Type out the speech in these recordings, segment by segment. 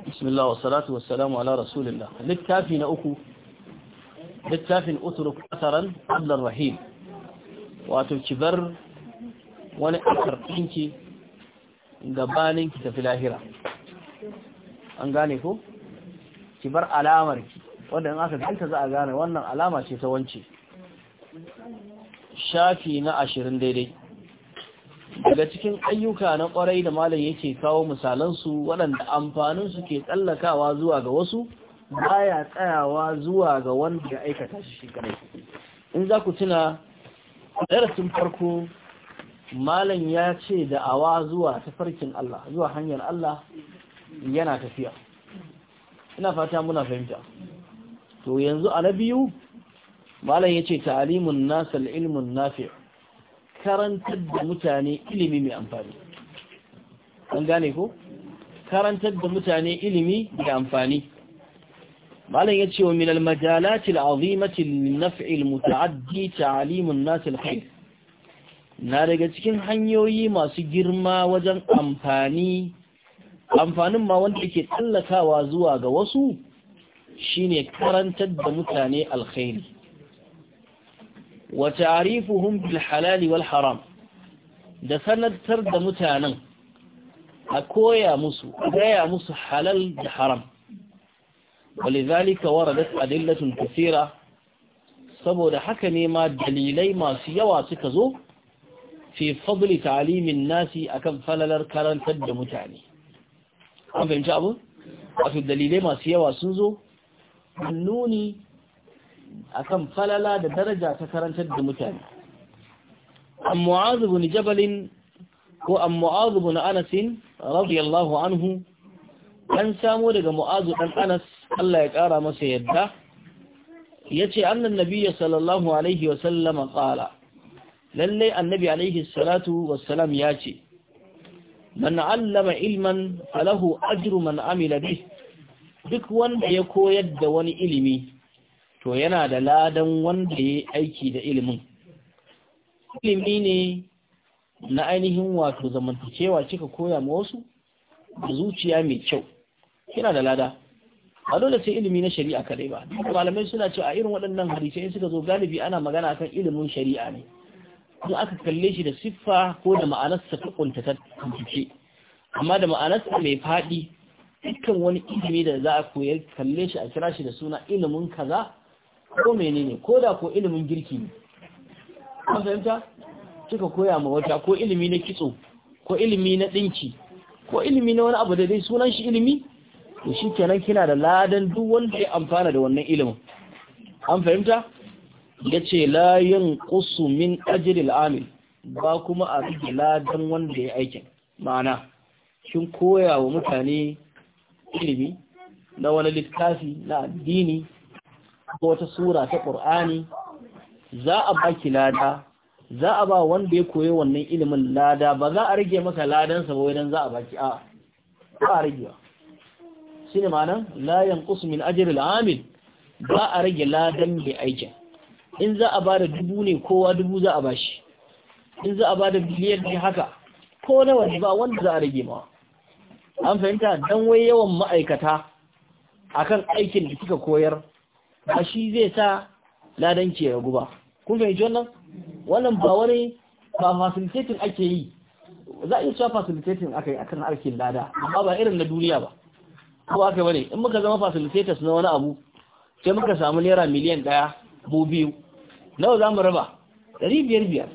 bismillah wa salatu wa salamu ala rasulillah littafi na uku littafin uturuk asaran abdar wato kibar wani akar ɗinki gabanin ki tafi lahira an gane ko kibar alamar ki wanda in aka ganta za a gane wannan alama ce ta wance shafi na ashirin daidai daga cikin ayyuka na kwarai da malam yake kawo misalansu waɗanda amfaninsu ke tsallakawa zuwa ga wasu baya tsayawa zuwa ga wanda ya aikata shi kadai in za ku tuna darasin farko malam ya ce da awa zuwa tafarkin Allah zuwa hanyar Allah yana tafiya ina fata muna fahimta to yanzu a na biyu malam ya ce ta'alimun nasal ilmun nafi' karantar da mutane ilimi mai amfani an gane ko karantar da mutane ilimi mai amfani malam ya ce wa minal majalati al'azimati naf'i mutaaddi ta'alimun nas al-khair na daga cikin hanyoyi masu girma wajen amfani amfanin ma wanda yake tsallakawa zuwa ga wasu shine karantar da mutane alkhairi wa ta'rifuhum bil halali wal haram da sanatar da mutanen a koya musu gaya musu halal da haram ولذلك وردت adillatun kusira saboda haka ne ma dalilai masu yawa suka zo fi fadli talimin nasi akan falalar karantar da mutane an fahimci abu wato dalilai masu yawa sun zo nuni akan falala da daraja ta karantar da mutane an mu'azu ni jabalin ko an mu'azu bin anasin radiyallahu anhu an samo daga mu'azu dan anas Allah ya kara masa yadda yace annan nabiyyi sallallahu alaihi wa sallam qala lalle annabi alaihi salatu wassalam yace man allama ilman falahu ajru man amila bih duk wanda ya koyar da wani ilimi to yana da ladan wanda ya aiki da ilimin ilimi ne na ainihin wato zamantakewa kika koya ma wasu da zuciya mai kyau yana da lada ba dole sai ilimi na shari'a kadai ba malamai suna cewa a irin waɗannan hadisai suka zo galibi ana magana kan ilimin shari'a ne kuma aka kalle shi da siffa ko da ma'anarsa ta kuntata amma da ma'anarsa mai faɗi dukkan wani ilimi da za a koyar kalle shi a kira shi da suna ilimin kaza ko menene ko da ko ilimin girki ne fahimta kika koya ma wata ko ilimi na kitso ko ilimi na dinki ko ilimi na wani abu da dai sunan shi ilimi to kenan kina da ladan duk wanda ya amfana da wannan ilimin an fahimta yace la qusu min ajril amil ba kuma a rike ladan wanda ya aiki. ma'ana kin koya wa mutane ilimi na wani littafi na addini ko wata sura ta ƙur'ani za a ba ki lada za a ba wanda ya koyi wannan ilimin lada ba za a rage maka ladansa ba idan za a baki a ba a rage ba shi ne ma'anan layan min ajiril amil ba a rage ladan mai aikin in za a ba da dubu ne kowa dubu za a ba shi in za a ba da biliyan ne haka ko nawa ne ba wanda za a rage ma an fahimta don wai yawan ma'aikata akan aikin da kika koyar ba shi zai sa ladanci ya ragu ba kun fahimci wannan wannan ba wani ba facilitating ake yi za a yi cewa facilitating aka yi akan harkin lada amma ba irin na duniya ba ko aka bane in muka zama facilitators na wani abu sai muka samu naira miliyan daya ko biyu nawa za mu raba ɗari biyar biyar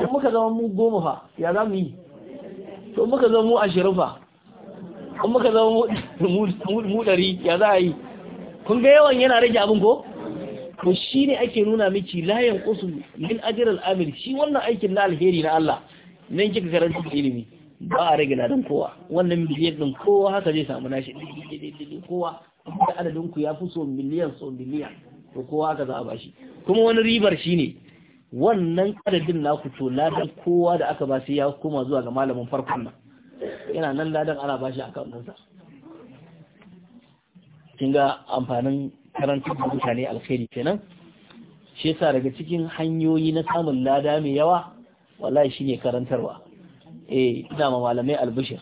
in muka zama mu goma fa ya za mu yi to muka zama mu ashirin fa in muka zama mu ɗari ya za a yi kun ga yawan yana rage abin ko to shi ne ake nuna miki layan kusu min ajiyar al'amil shi wannan aikin na alheri na Allah nan kika karanta ilimi ba a rage ladan kowa wannan miliyan din kowa haka zai samu nashi kowa da adadin ku ya fi so miliyan so miliyan to kowa haka za a bashi kuma wani ribar shi ne wannan adadin naku to ladan kowa da aka ba sai ya koma zuwa ga malamin farkon nan yana nan ladan ana bashi a nan sa kin ga amfanin karantar da mutane alkhairi kenan shi yasa daga cikin hanyoyi na samun lada mai yawa wallahi shine karantarwa eh ina ma malamai albishir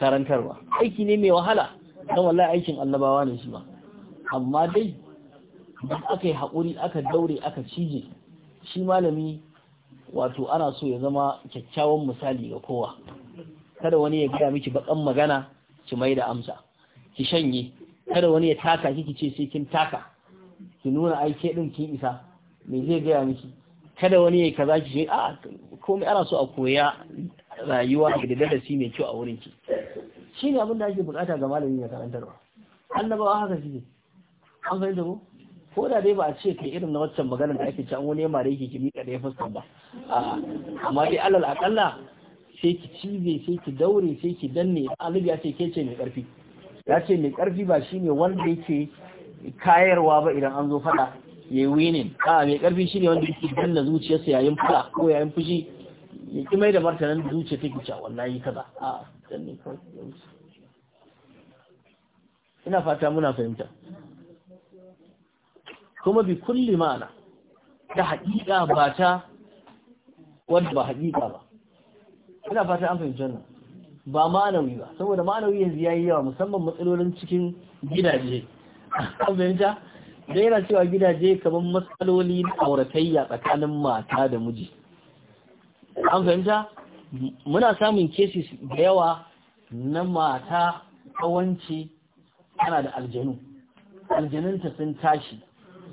karantarwa aiki ne mai wahala dan wallahi aikin annabawa ne shi ma amma dai duk aka yi haƙuri aka daure aka cije shi malami wato ana so ya zama kyakkyawan misali ga kowa kada wani ya gaya miki baƙan magana ki mai da amsa ki shanye kada wani ya taka kiki ce sai kin taka ki nuna aike ke din kin isa me zai gaya miki kada wani ya kaza ki ce a ah, komai ana so a koya rayuwa da darasi mai kyau a wurin ki shine abin da ake bukata ga malamin ya karantarwa annabawa haka kike. an fahimta ko ko da dai ba a ce kai irin na waccan maganar da ake can wani ya mare yake ki miƙa da ya fuskan ba amma dai alal akalla sai ki cize sai ki daure sai ki danne alibiya sai ke ce mai karfi ya ce mai ƙarfi ba shine wanda yake kayarwa ba idan an zo fada ya yi winin a mai ƙarfi shine wanda yake danna zuciyarsa yayin fada ko yayin fushi ya ki mai da martanin da zuciya take cewa wallahi kaza a dan ne kawai ina fata muna fahimta kuma bi kulli ma'ana ta haƙiƙa ba ta wadda ba haƙiƙa ba ina fata an fahimci wannan ba manawi ba saboda manawi yanzu yayi yawa musamman matsalolin cikin gidaje fahimta da yana cewa gidaje kamar matsaloli na auratayya tsakanin mata da miji an fahimta muna samun cases da yawa na mata kawanci tana da aljanu aljanunta sun tashi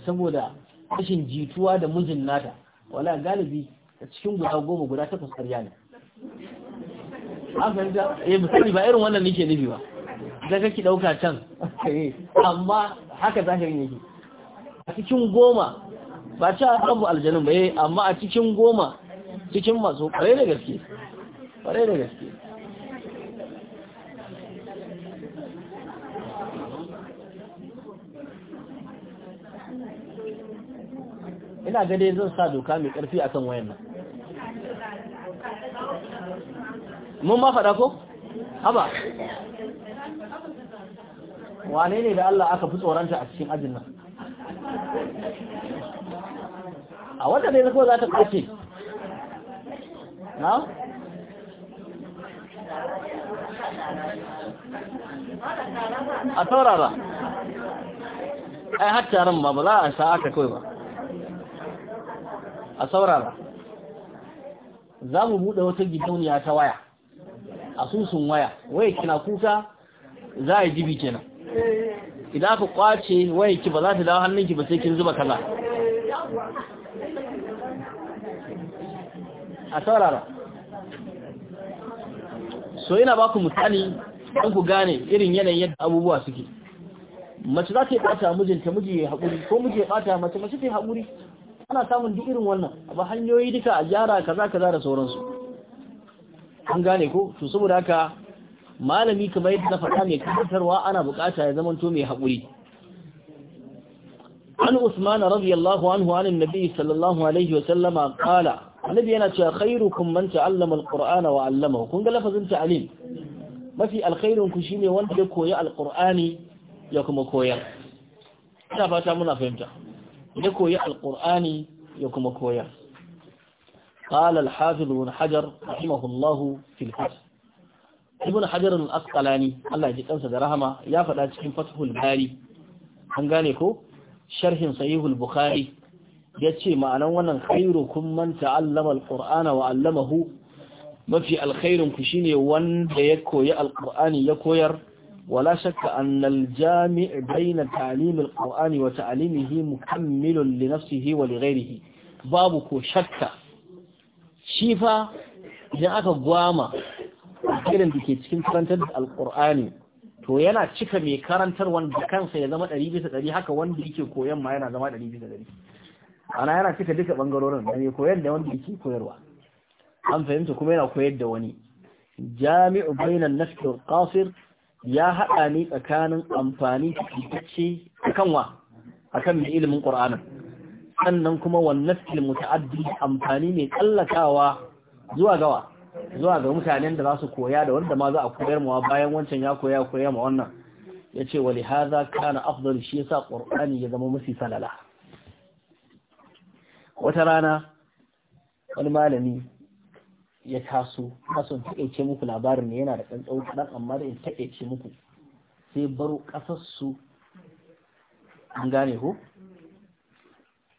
saboda rashin jituwa da mijin nata wala galibi cikin guda goma guda takwas ƙarya ne eh misali ba irin wannan nike nufi ba da kake dauka can amma haka zahirin yake a cikin goma ba ci abu aljanun ba eh, amma a cikin goma cikin masu kwarai da gaske Kwarai da gaske ina gade zan sa doka mai karfi akan wayan nan mun ma faɗa ko haba wane ne da Allah aka fi tsoranta a cikin ajin nan a wadda ne kawai za ta ƙarfe na? a ba ai hatta ran ba ba za a sa aka kawai ba a saurara za mu buɗe wata gidauniya ta waya asusun waya waya kina kuka za a jibi kenan idan aka kwace waya ki ba za ta dawo hannunki ba sai kin zuba kaza a saurara so yana baku misali don ku gane irin yanayin yadda abubuwa suke mace za ta yi ɓata mijinta miji ya haƙuri ko miji ya ɓata mace mace ta yi haƙuri ana samun duk irin wannan ba hanyoyi duka a gyara kaza kaza da sauransu an gane ko to saboda haka malami kamar yadda na faɗa mai karantarwa ana bukata ya zama to mai haƙuri an usman radiyallahu anhu an annabi sallallahu alaihi wa sallama qala annabi yana cewa khairukum man ta'allama alqur'ana wa 'allamahu kun ga lafazin ta'lim mafi alkhairun ku shine wanda ya koyi alqur'ani ya kuma koyar ina fata muna fahimta ya koyi alqur'ani ya kuma koyar قال الحافظ بن حجر رحمه الله في الفتح ابن حجر الأسقلاني الله يجي كنسا درهما يا فدا cikin fathul bari an gane ko sharhin sahihul bukhari yace ma'anan wannan khairukum man ta'allama alqur'ana wa 'allamahu mafi alkhairun ku shine wanda ya koyi alqur'ani ya koyar ولا شك أن الجامع بين تعليم القرآن وتعليمه مكمل لنفسه ولغيره بابك shakka. shi fa idan aka gwama irin da ke cikin karantar da alkur'ani to yana cika mai karantar wanda kansa ya zama ɗari bisa ɗari haka wanda yake koyan ma yana zama ɗari bisa ɗari ana yana cika duka ɓangarorin da mai koyar da wanda yake koyarwa an fahimta kuma yana koyar da wani jami'u bainan nafi qasir ya haɗa ni tsakanin amfani da kan wa akan ilimin qur'anin sannan kuma wannan ta muta'addi amfani mai tsallakawa zuwa gawa zuwa ga mutanen da za su koya da wanda ma za a koyar mawa bayan wancan ya koya koya ma wannan ya ce wali haza kana afdal shi yasa qur'ani ya zama mafi salala wata rana wani malami ya taso kasan taƙaice muku labarin ne yana da tsantsau kaɗan amma da in taƙaice muku sai baro ƙasarsu an gane ko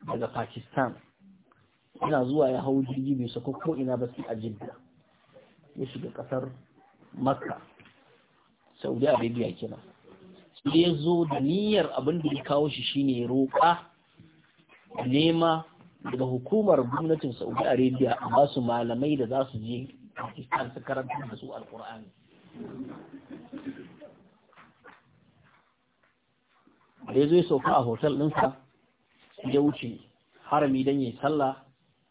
daga Pakistan ina zuwa ya hau jirgi mai sako ko ina ba a Jidda ya shiga kasar Makka Saudi Arabia kenan sai ya zo da niyyar abin da ya kawo shi shine roƙa nema daga hukumar gwamnatin Saudi Arabia a ba malamai da za su je Pakistan su karanta da su Alƙur'ani da ya zo ya sauka a hotel ɗinsa ya wuce harami dan yayi sallah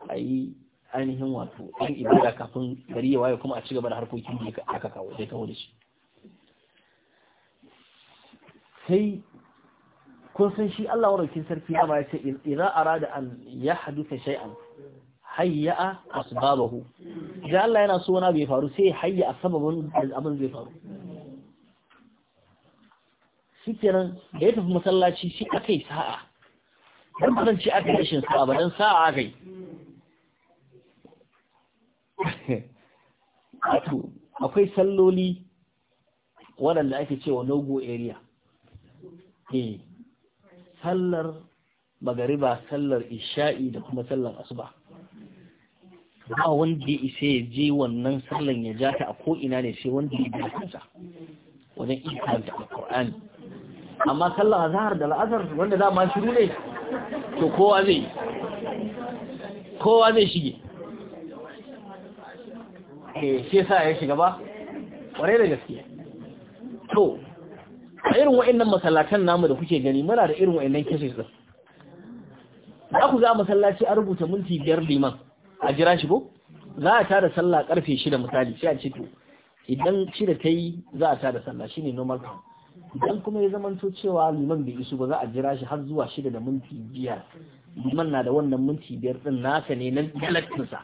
a yi ainihin wato ɗan ibada kafin gari ya waye kuma a ci da harkokin da aka kawo zai kawo da shi sai kun san shi Allah waraukin sarki ya ba ya idan arada an ya hadusa shay'an hayya'a asbabahu idan Allah yana so wani bai faru sai a sababin abin zai faru kenan da ya tafi masallaci shi yi sa'a dan ba zan ce aka rashin sa'a ba dan sa'a aka yi wato akwai salloli waɗanda ake cewa nogo area eh sallar magariba sallar isha'i da kuma sallar asuba ba wanda ya isa ya je wannan sallan ya ja ta a ko'ina ne sai wanda ya biya kansa wajen ikanta alkur'ani amma sallar azahar da la'azar wanda ma shiru ne to kowa zai kowa zai shige eh sai sa ya shiga ba ƙware da gaske to a irin wa'annan masallatan namu da kuke gani muna da irin wa'annan cases din za ku ga masallaci a rubuta minti biyar liman a jira shi ko za a tada sallah karfe 6 misali sai a ce to idan shida ta yi za a tada sallah shine normal time idan kuma ya zamanto cewa liman bai isu ba za a jira shi har zuwa shida da minti biyar liman na da wannan minti biyar din nasa ne nan dalattinsa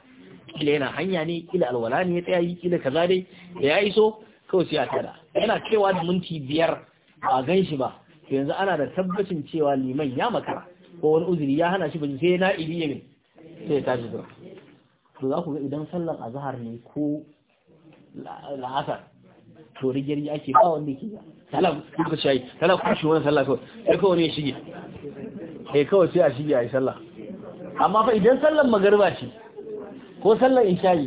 kila yana hanya ne kila alwala ne ya tsaya kila kaza dai da ya iso kawai sai a tada yana cewa da minti biyar ba gan shi ba to yanzu ana da tabbacin cewa liman ya makara ko wani uzuri ya hana shi ba sai na iri ya sai ya tashi zuwa to za ku ga idan sallar azhar ne ko la'asar to rigiri ake ba wanda ke salam kuka shayi shi wani sallah kawai kawai ne shige kai eh, kawai sai a shige a yi sallah amma fa idan sallan magarba ce ko sallan isha'i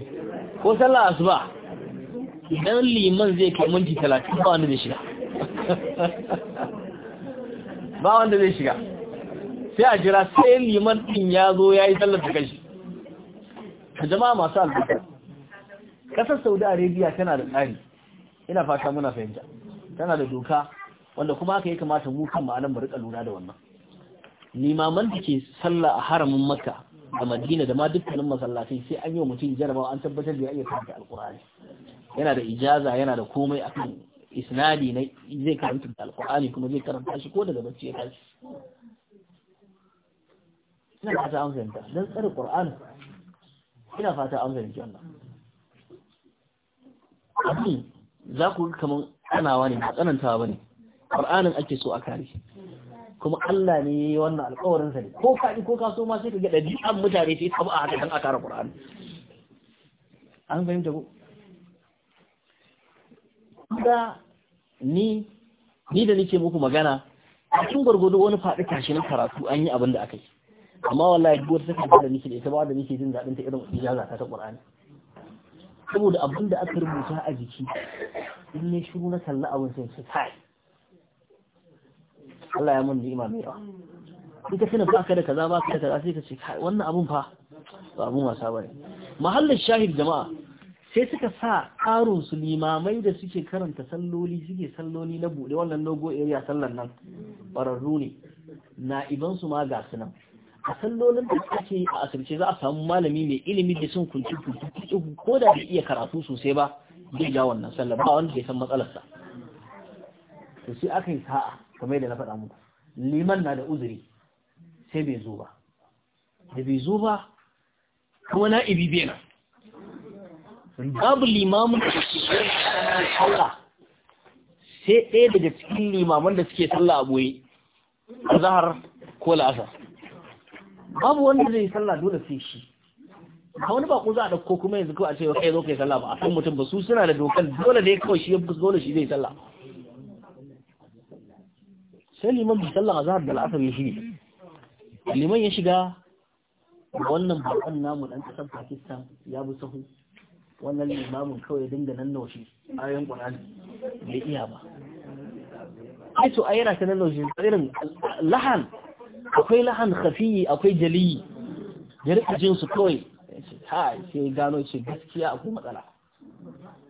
ko sallan asuba idan liman zai kai minti talatin ba wanda zai shiga ba wanda zai shiga sai a jira sai liman din ya zo ya yi sallar ta kashi jama'a masu albarka kasar saudi arabia tana da tsari ina fata muna fahimta tana da doka wanda kuma aka yi kamata mu kan ma'anar mu rika lura da wannan limaman da ke sallah a haramin makka da madina da ma dukkanin masallatai sai an yi wa mutum jarraba an tabbatar da ya iya karanta alkur'ani yana da ijaza yana da komai akan isnadi na zai karanta da alkur'ani kuma zai karanta shi ko daga bacci ya tashi ina fata an fahimta don tsare qur'ani ina fata an fahimta wannan za ku ga kaman ana ne ba tsanantawa ba ne ƙar'anin ake so a kare kuma Allah ne ya yi wannan sa ne ko kaɗi ko kaso ma sai ka ga an mutane sai tabu a haka don a kare ƙur'ani an fahimta ko da ni ni da nake muku magana a cikin gwargwado wani faɗi kashi na karatu an yi abin da aka yi amma wallahi duk wata takarda da nake da ita ba da nake jin daɗin ta irin ijaza ta ta Qur'ani saboda abin da aka rubuta a jiki in ne shiru na kalla abin sai su kai Allah ya mun ni mai yawa in ka sanar baka da kaza baka da kaza sai ka ce kai wannan abun fa ba abun wasa bane mahallin shahid jama'a sai suka sa karun su limamai da suke karanta salloli suke salloli na buɗe wannan logo area sallan nan bararru ne na ibansu ma ga su nan a da ake yi a asirce za a samu malami mai ilimi da sun kunci kunci ko da bai iya karatu sosai ba zai ja wannan sallar ba wanda bai san matsalarsa to sai aka yi sa'a kamar yadda na faɗa muku liman na da uzuri sai bai zo ba da bai zo ba kuma na ibi bena babu limamun da suke sallah sai ɗaya daga cikin limaman da suke sallah a goye a zahar ko la'asar babu wanda zai sallah dole sai shi Ka wani bako za a dauko kuma yanzu kawai a ce kai zo kai sallah ba a san mutum ba su suna da dokan dole dai kawai shi dole shi zai sallah sai liman bi sallah azhar da al'asar ya shi liman ya shiga wannan bakan namu dan kasar Pakistan ya bi sahu wannan limamin kawai dinga nan naushi ayoyin Qur'ani bai iya ba ai to ayyana ta nan naushi irin lahan akwai lahan khafiyi akwai jaliyi ya rika jin su kawai sai ya gano ce gaskiya akwai matsala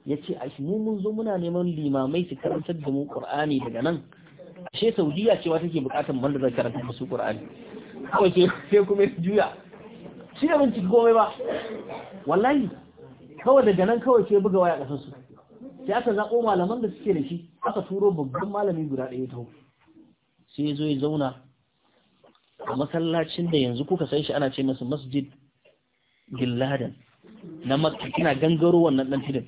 ya ce a mu mun zo muna neman limamai su karantar da mu qur'ani daga nan ashe saudiya cewa take bukatar wanda zai karanta da su qur'ani kawai sai kuma ya juya shi da bincike komai ba wallahi kawai daga nan kawai sai buga waya kasar su sai aka zaɓo malaman da suke da shi aka turo babban malami guda ɗaya ta sai ya zo ya zauna a masallacin da yanzu kuka san shi ana ce masa masjid bin laden na makka kina gangaro wannan dan tudun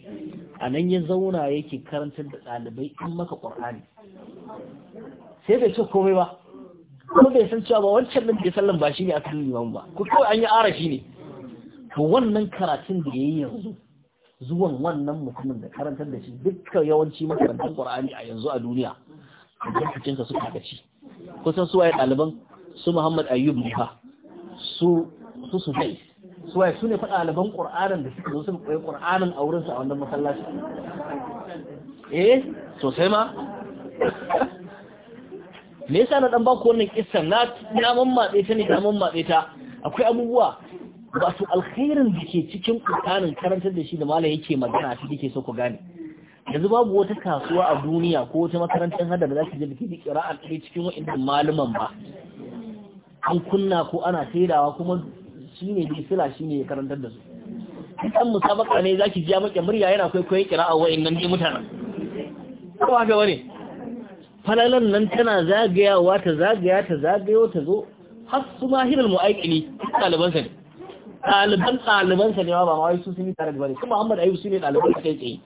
a nan ya zauna yake karantar da ɗalibai in maka ƙwar'ani sai bai ce komai ba kuma bai san cewa ba wancan nan bai sallan ba shi ne aka ba ku kawai an yi ara shi ne to wannan karatun da yayi yanzu zuwan wannan mutumin da karantar da shi dukkan yawanci makarantar ƙwar'ani a yanzu a duniya a sa suka gaci kusan suwaye ɗaliban su Muhammad Ayyub Muha su su su waye su ne faɗa alaban Qur'anin da suka zo su koyi Qur'anin a wurin su a wannan masallaci eh sai ma me yasa na dan ba ku wannan kissa na na mammatse ta ne na mammatse ta akwai abubuwa ba su alkhairin da ke cikin Qur'anin karantar da shi da malam yake magana shi yake so ku gane yanzu babu wata kasuwa a duniya ko wata makarantar hada da za ki je da ke kira'an cikin wa'in malaman ba an kunna ko ana saidawa kuma shi ne sila shi ne ya karantar da su kan musabaka ne zaki ji maka murya yana kwaikwayon a wayannan dai mutanen ko haka wani falalan nan tana zagayawa ta zagaya ta zagayo ta zo har su mahirul mu'aikili ɗaliban sa ne ɗaliban ɗaliban sa ne ba ma wai su sun yi tare da bane kuma Muhammad Ayyub su ne ɗaliban sa kai tsaye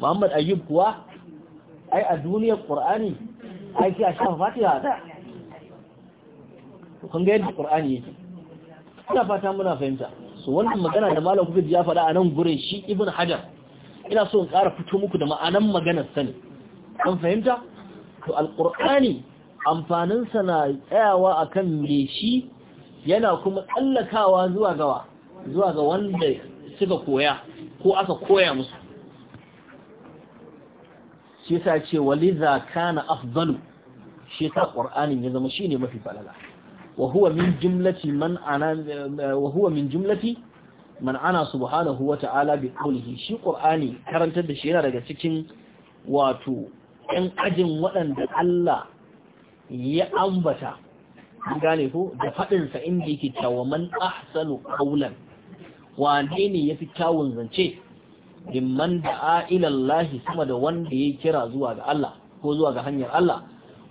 Muhammad Ayyub kuwa ai a duniyar Qur'ani ai sai a shafa Fatiha ta kun ga yadda qur'ani yake ina fata muna fahimta so wannan magana da malam kuka ji ya faɗa a nan gurin shi ibn hajar ina so in ƙara fito muku da ma'anan maganar sani an fahimta to alqur'ani amfaninsa na tsayawa akan me shi yana kuma tsallakawa zuwa gawa zuwa ga wanda suka koya ko aka koya musu shi sa ce waliza kana afdalu shi ta qur'anin ya zama shi ne mafi falala وهو من جملة من أنا وهو من جملة من أنا سبحانه وتعالى بقوله شي قرآني كرنت daga cikin wato ɗan ajin waɗanda Allah ya ambata gane ko da fadin sa inda yake cewa man ahsanu qawlan wane ne yafi kyawun zance man da'a ila Allah sama da wanda ya kira zuwa ga Allah ko zuwa ga hanyar Allah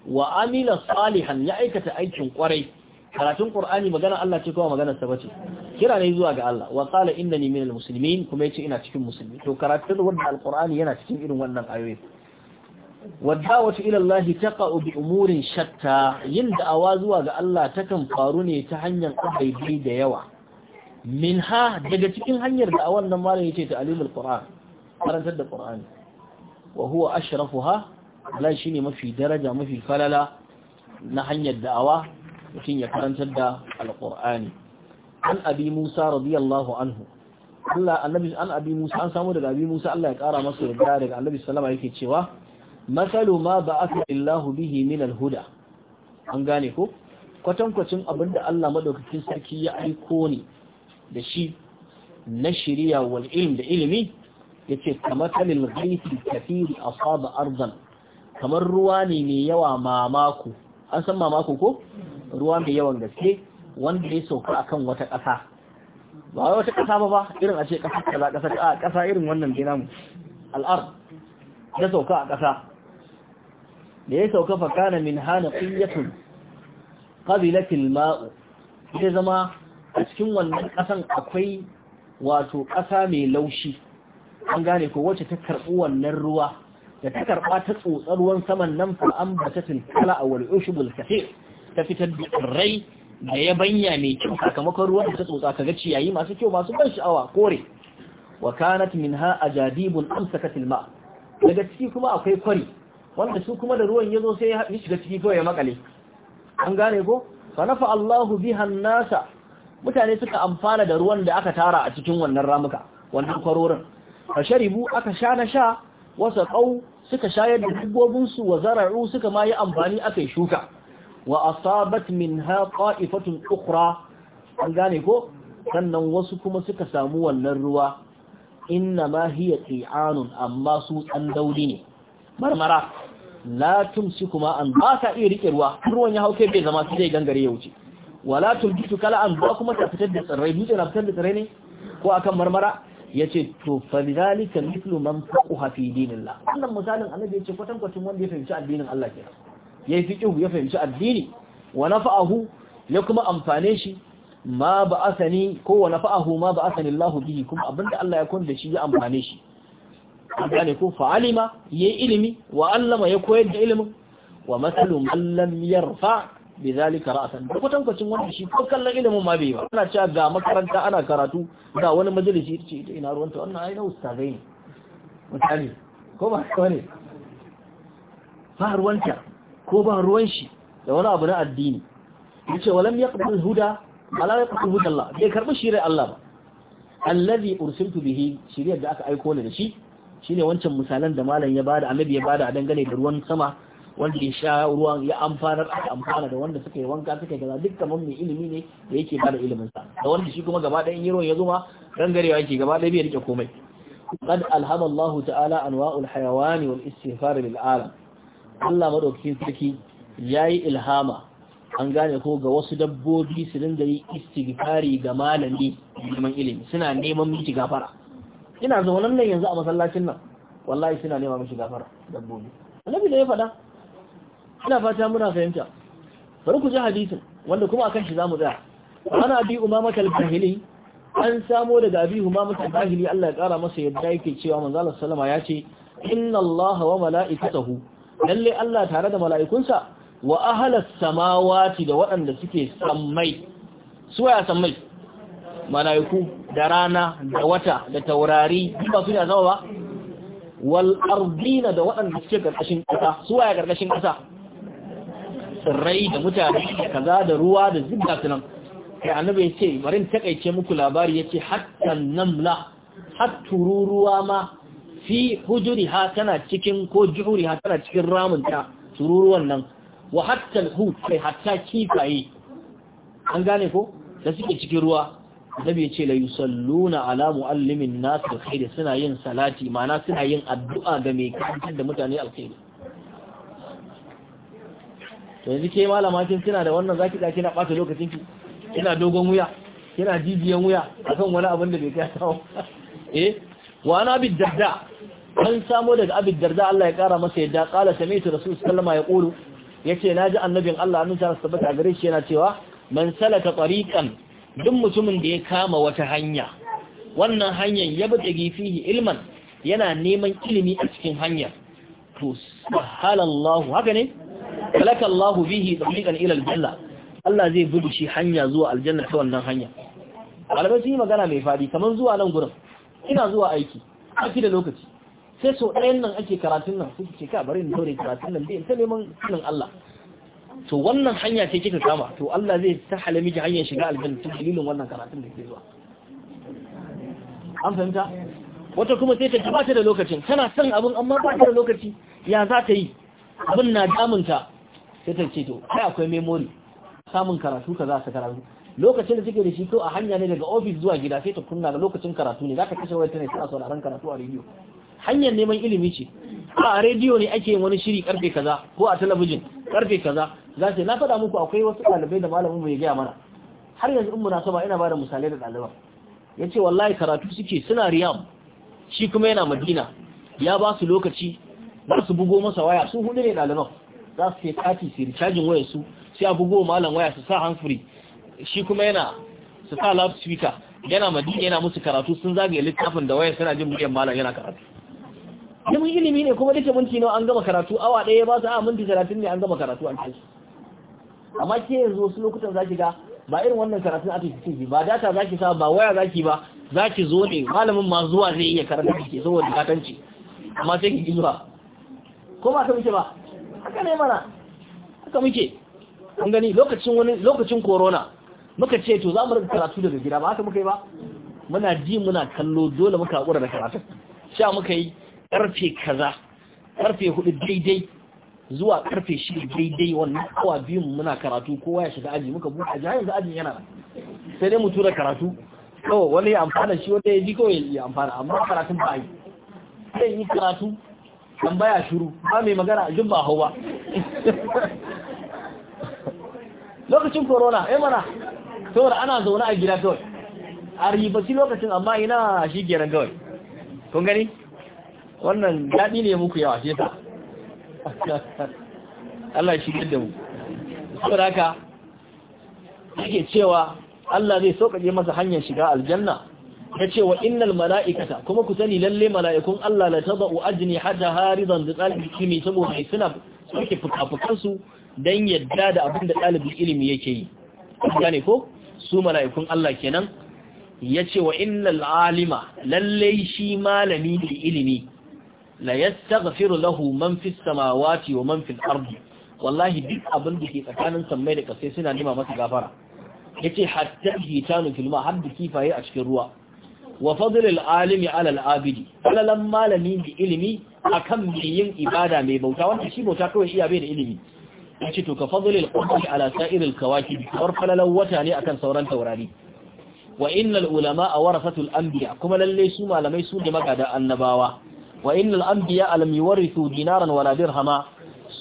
wa amila salihan ya aikata aikin kwarai karatun qur'ani magana Allah ce kuma magana sa bace kira ne zuwa ga Allah wa qala innani minal muslimin kuma yace ina cikin musulmi to karatun wannan alqur'ani yana cikin irin wannan ayoyi wadawatu ila Allah taqa'u bi umurin shatta yin da'awa zuwa ga Allah takan faru ne ta hanyar abaidi da yawa minha daga cikin hanyar da'awan nan malam yace ta'limul qur'an karantar da qur'ani wa huwa ashrafuha la shine mafi daraja mafi falala na hanyar da'awa mutum ya karantar da alqur'ani an abi musa radiyallahu anhu Allah annabi an abi musa an samu daga abi musa Allah ya ƙara masa yadda daga annabi sallama yake cewa masalu ma ba'atha illahu bihi min alhuda an gane ko kwatankwacin abinda Allah madaukakin sarki ya aiko ni da shi na shiriya wal ilm da ilimi yace kamatalil ghaifi kathiri asaba ardan kamar ruwa ne mai yawa mamako an san mamako ko ruwa mai yawan gaske wanda ya sauka a kan wata ƙasa ba wai wata ƙasa ba ba irin a ce ƙasa kaza ƙasa a ƙasa irin wannan gina mu, al'ar ya sauka a ƙasa da ya sauka fa kana min hana qiyatun qabilat mau sai zama a cikin wannan ƙasan akwai wato ƙasa mai laushi an gane ko wacce ta karɓi wannan ruwa da ta karɓa ta tsotsar ruwan saman nan fa ba ta kala a wal ushbul ta fitar da tsirrai da ya banya mai kyau sakamakon ruwan da ta tsotsa kaga ciyayi masu kyau masu ban sha'awa kore wa kanat minha ajadibun amsakatil ma daga ciki kuma akwai kwari wanda su kuma da ruwan ya zo sai ya haɗu shiga ciki kawai ya makale an gane ko fa nafa Allahu biha nasa mutane suka amfana da ruwan da aka tara a cikin wannan ramuka wannan kwarorin fa sharibu aka sha na sha wasa qau suka shayar da dabbobin su wa zara'u suka ma yi amfani akai shuka wa asabat minha qa'ifatun ukhra an gane ko sannan wasu kuma suka samu wannan ruwa inna ma hiya ti'anun amma su dan dauli ne marmara la tumsi kuma an ba ta iya rike ruwa ruwan ya hauke bai zama sai gangare ya wuce wala tumbitu kala an ba kuma ta fitar da tsirrai dutse na fitar da tsirrai ne ko akan marmara yace to falidhalika mithlu man faquha fi dinillah wannan misalin annabi yace kwatankwacin wanda ya fahimci addinin Allah kenan yayi fiƙihu ya fahimci addini wa fa'ahu ya kuma amfane shi ma ba'athani ko wa fa'ahu ma Sani Allahu bihi kuma abinda Allah ya kunda shi ya amfane shi gane ko fa'alima ya yi ilimi wa allama ya koyar da ilimin wa masalu man lam yarfa bizalika ra'san duk kwatankacin wanda shi ko kallon ilimin ma bai ba ana cewa ga makaranta ana karatu ga wani majalisi ce ita ina ruwan ta, wannan ai na ustazai ne mutane ko ba ka ne ba ruwanta ko ba ruwan shi da wani abu na addini yace walam yaqbal huda ala yaqbal huda Allah bai karbi shirye Allah ba allazi ursiltu bihi shiriyar da aka aiko ni da shi shine wancan misalan da malam ya bada annabi ya bada a dangane da ruwan sama wanda ya sha ruwan ya amfana aka amfana da wanda suka yi wanka suka yi kaza duk kamar mai ilimi ne da yake bada ilimin sa da wanda shi kuma gaba ɗaya in ya zuma rangarewa yake gaba ɗaya bai rike komai qad alhama Allah ta'ala anwa'ul hayawani wal istighfar lil alam Allah madaukakin sarki ya yi ilhama an gane ko ga wasu dabbobi su dinga yi istighfari ga malami neman ilimi suna neman miki gafara ina zama nan yanzu a masallacin nan wallahi suna neman miki gafara dabbobi annabi da ya faɗa ina fata muna fahimta bari ku ji hadisin wanda kuma akan shi zamu tsaya ana bi umama kalbahili an samo daga abi umama kalbahili Allah ya kara masa yadda yake cewa manzo Allah sallama ya ce inna Allah wa mala'ikatahu lalle Allah tare da mala'ikunsa wa ahalas samawati da waɗanda suke sammai su waya sammai mala'iku da rana da wata da taurari ba su ne a ba wal da waɗanda suke karkashin ƙasa su waya karkashin ƙasa tsirrai da mutane kaza da ruwa da zubda su nan kai annabi yace ce barin takaice muku labari ya ce hatta namla har tururuwa ma fi hujuriha tana cikin ko juhuriha tana cikin ramunta tururuwan nan wa hatta hu kai hatta kifaye an gane ko da suke cikin ruwa nabi ya ce la yusalluna ala muallimin nas da khair suna yin salati ma'ana suna yin addu'a ga mai kantar da mutane alkhairi to yanzu ke malama kin kina da wannan zaki zaki na bata lokacin ki kina dogon wuya kina jijiyan wuya akan wani abin da bai kai tawo eh wa ana bi dadda an samo daga abin darda Allah ya kara masa yadda kala sami'tu rasul sallama ya ce na ji annabin Allah annabi sallallahu alaihi a gare shi yana cewa man salaka tariqan duk mutumin da ya kama wata hanya wannan hanyar ya bi fihi ilman yana neman ilimi a cikin hanya. to subhanallahu haka ne salaka Allah bihi tariqan ila aljanna Allah zai bi shi hanya zuwa aljanna ta wannan hanya malamai sun yi magana mai fadi kamar zuwa nan gurin ina zuwa aiki aiki da lokaci sai sau ɗayan nan ake karatun nan suke ce ka bari in daure karatun nan dai ta neman sunan Allah to wannan hanya ce kika kama to Allah zai ta halami ji hanyar shiga aljanna ta dalilin wannan karatun da ke zuwa an fahimta wata kuma sai ta ba ta da lokacin tana son abin amma ba ta da lokaci ya za ta yi abin na damunta sai ta ce to kai akwai memory samun karatu ka za su karatu lokacin da suke da shi to a hanya ne daga ofis zuwa gida sai ta kunna da lokacin karatu ne za ka kashe wani ta ne a sauraron karatu a rediyo hanyar neman ilimi ce a rediyo ne ake yin wani shiri karfe kaza ko a talabijin karfe kaza za su na faɗa muku akwai wasu ɗalibai da malamin bai gaya mana har yanzu in ba ina bada misalai da ɗaliban ya ce wallahi karatu suke suna riyam shi kuma yana madina ya ba su lokaci ba su bugo masa waya su hudu ne ɗaliban za su ke kati su rikajin waya su sai a bugo malam waya su sa hanfuri shi kuma yana su sa loudspeaker yana madina yana musu karatu sun zagaye littafin da waya suna jin muryar malam yana karatu duk ilimi ne kuma duka minti nawa an gama karatu awa ɗaya ba su a minti talatin ne an gama karatu an tashi amma ke yanzu wasu lokutan za ki ga ba irin wannan karatun ake ciki ba data za ki sa ba waya za ki ba za ki zo ne malamin ma zuwa zai iya karanta ke saboda katanci amma sai ki zuwa ko ba ka muke ba haka ne mana haka muke an gani lokacin wani lokacin corona muka ce to za mu rika karatu daga gida ba haka muka yi ba muna ji muna kallo dole muka hakura da karatun sha muka yi karfe kaza karfe hudu daidai zuwa karfe shi daidai wannan awa biyun muna karatu kowa ya shiga aji muka buɗe aji yanzu ajin yana sai dai mu tura karatu kawai wani ya amfana shi wanda ya ji kawai ya amfana amma karatun ba yi sai yi karatu tambaya shiru ba mai magana jin ba hau ba lokacin corona ya eh mana saboda ana zaune a gida kawai a ribaci lokacin amma ina shi kenan kawai kun gani wannan daɗi ne muku yawa shi ta Allah shi da mu saboda haka yake cewa Allah zai sauƙaƙe masa hanyar shiga aljanna ya ce wa innal mala'ikata kuma ku sani lalle mala'ikun Allah la tada'u ajni hada haridan da ɗalibin ilimi saboda mai suna suke fuka-fukansu don yadda da abin da ɗalibin ilimi yake yi gane ko su mala'ikun Allah kenan ya ce wa innal alima lalle shi malami da ilimi la yastaghfiru lahu man fis samawati wa man fil ardi wallahi duk abinda ke tsakanin sammai da kasai suna nima masa gafara yace hatta hitanu fil ma hadda kifaye a cikin ruwa wa fadlul alimi Alal abidi falalan malami bi ilimi akan yin ibada mai bauta wanda shi bauta kawai iya bai da ilimi yace to ka fadlul qamari ala sa'iril kawakib war falalan wata ne akan sauran taurari wa innal ulama a warasatul anbiya kuma lalle su malamai su da magada annabawa wa innal anbiya alam yuwarithu dinaran wala dirhama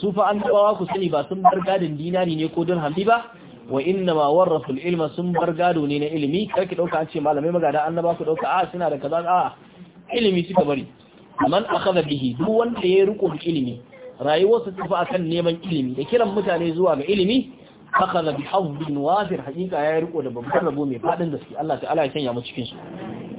su fa an ku sani ba sun bar gadin dinari ne ko dirhami ba wa inna ma warathu ilma sun bar gado ne na ilimi kake dauka an ce malamai magada annaba ku dauka a ah, suna da kaza a ilimi suka bari man akhadha bihi duk wanda ya riko da ilimi rayuwarsa tafi akan neman ilimi da kiran mutane zuwa ga ilimi akhadha bi hazzin wafir hakika ya riko da babban rabo mai fadin gaske Allah ta'ala ya kanya mu cikin